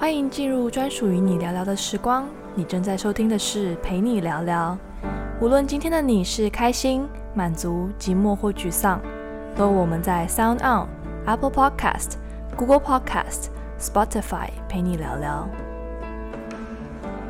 歡迎進入專屬於你聊聊的時光。你正在收聽的是蓓你聊聊。無論今天的你是開心、滿足、寂寞或沮喪，都我們在 Sound On、Apple Podcast、Google Podcast、Spotify 蓓你聊聊。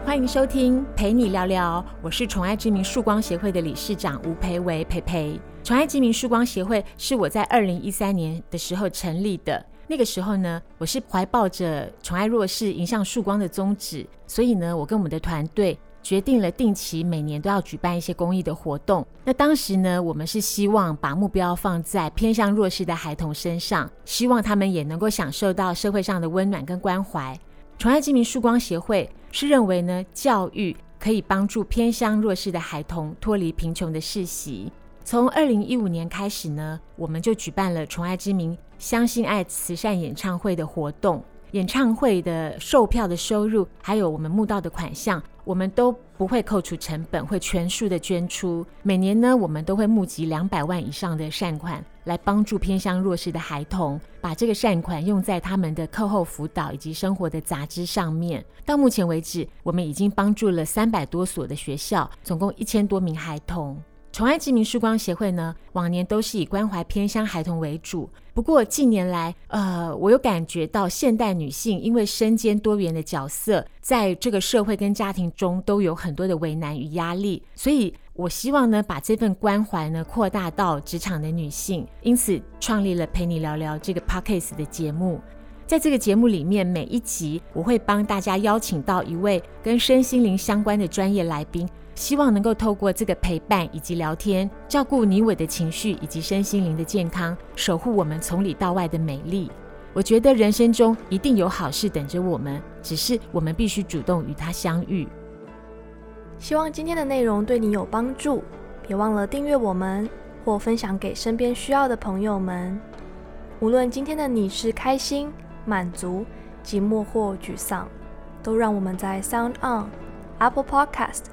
歡迎收聽蓓你聊聊，我是寵愛之名曙光協會的理事長吳蓓薇蓓蓓。寵愛之名曙光協會是我在二零一三年的時候成立的。那個時候呢，我是懷抱着寵愛弱勢、迎向曙光的宗旨，所以呢，我跟我們的團隊決定了定期每年都要舉辦一些公益的活動。那當時呢，我們是希望把目標放在偏向弱勢的孩童身上，希望他們也能夠享受到社會上的溫暖跟關懷。寵愛之名曙光協會是認為呢，教育可以幫助偏向弱勢的孩童脫離貧窮的世襲。從二零一五年開始呢，我們就舉辦了“寵愛之名，相信愛”慈善演唱會的活動。演唱會的售票的收入，還有我們募到的款項，我們都不會扣除成本，會全數的捐出。每年呢，我們都會募集兩百萬以上的善款，來幫助偏鄉弱勢的孩童。把這個善款用在他們的課後輔導以及生活的雜支上面。到目前為止，我們已經幫助了三百多所的學校，總共一千多名孩童。寵愛之名曙光協會呢，往年都是以關懷偏鄉孩童為主。不過近年來，呃，我有感覺到現代女性因為身兼多元的角色，在這個社會跟家庭中都有很多的為難與壓力，所以我希望呢，把這份關懷呢擴大到職場的女性，因此創立了“蓓你聊聊”這個 podcast 的節目。在這個節目裡面，每一集我會幫大家邀請到一位跟身心靈相關的專業來賓。希望能夠透過這個陪伴以及聊天，照顧你我的情緒以及身心靈的健康，守護我們從裡到外的美麗。我覺得人生中一定有好事等着我們，只是我們必須主動與它相遇。希望今天的內容對你有幫助，別忘了訂閱我們或分享給身邊需要的朋友們。無論今天的你是開心、滿足、寂寞或沮喪，都讓我們在 Sound On Apple Podcast。